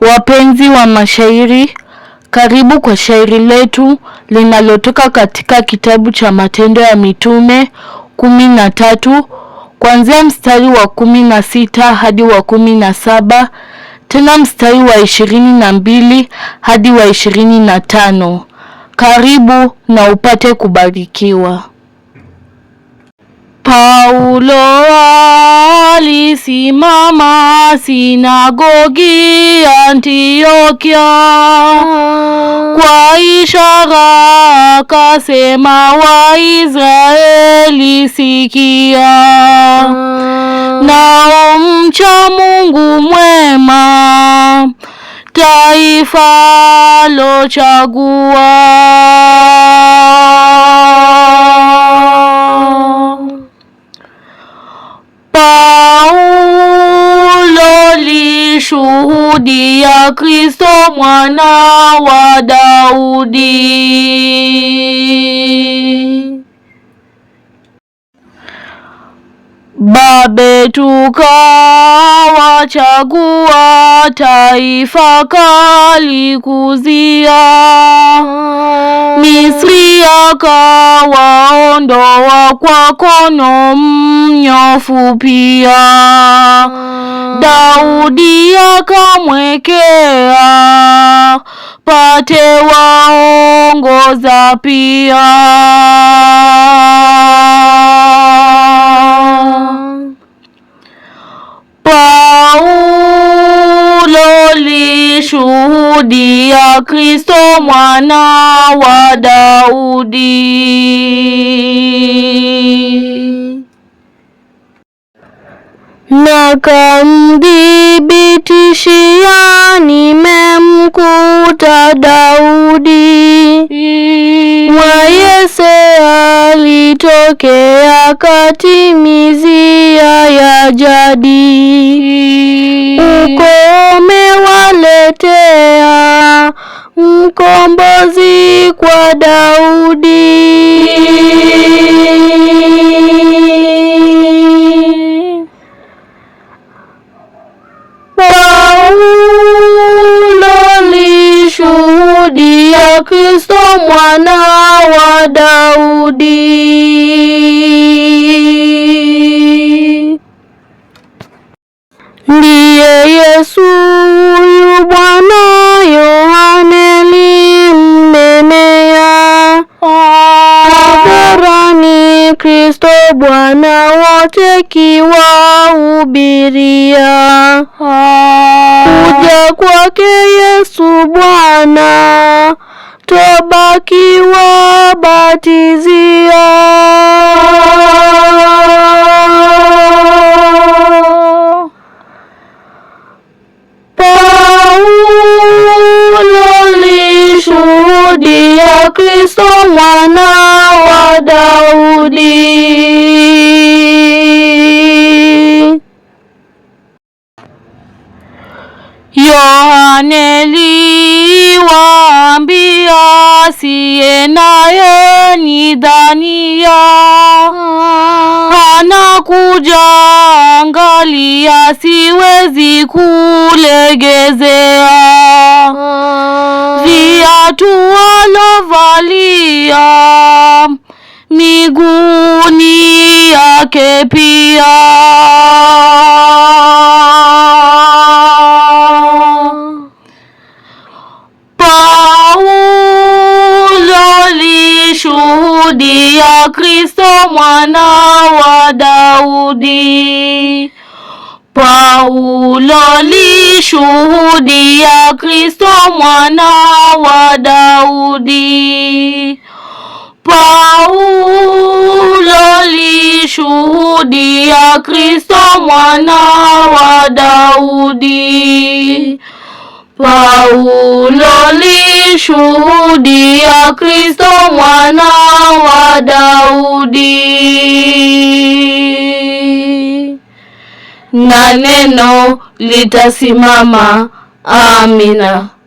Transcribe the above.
Wapenzi wa mashairi, karibu kwa shairi letu linalotoka katika kitabu cha Matendo ya Mitume kumi na tatu kuanzia mstari wa kumi na sita hadi wa kumi na saba tena mstari wa ishirini na mbili hadi wa ishirini na tano Karibu na upate kubarikiwa. Paulo Alisimama sinagogi Antiokia, ah. kwa ishara akasema, Waisraeli sikia, ah. nao mcha Mungu mwema, taifa lochagua kumshuhudia Kristo mwana wa Daudi. Babe tukawachagua, taifa kalikuzia. Misri akawaondoa, kwako kono mnyofu pia. Daudi akamwekea, pate waongoza pia Kristo mwana wa Daudi. Nakamdhibitishia, nimemkuta Daudi. mwayese alitokea, katimizia ya jadi. Ukome waletea mkombozi kwa Daudi. Paulo lishuhudia Kristo mwana wa Daudi. Bwana wote kiwahubiria, kuja kwake Yesu Bwana, toba kiwabatizia. Kristo mwana wa Daudi Kusudi. Yohane liwaambia, asiye naye nidhania, anakuja, angalia, siwezi kulegezea ah. viatu walovalia miguuni yake pia. Paulo alishuhudia Kristo mwana wa Daudi. Paulo lishuhudia Kristo mwana wa Daudi. kumshuhudia Kristo mwana wa Daudi. Paulo lishuhudia Kristo mwana wa Daudi, na neno litasimama. Amina.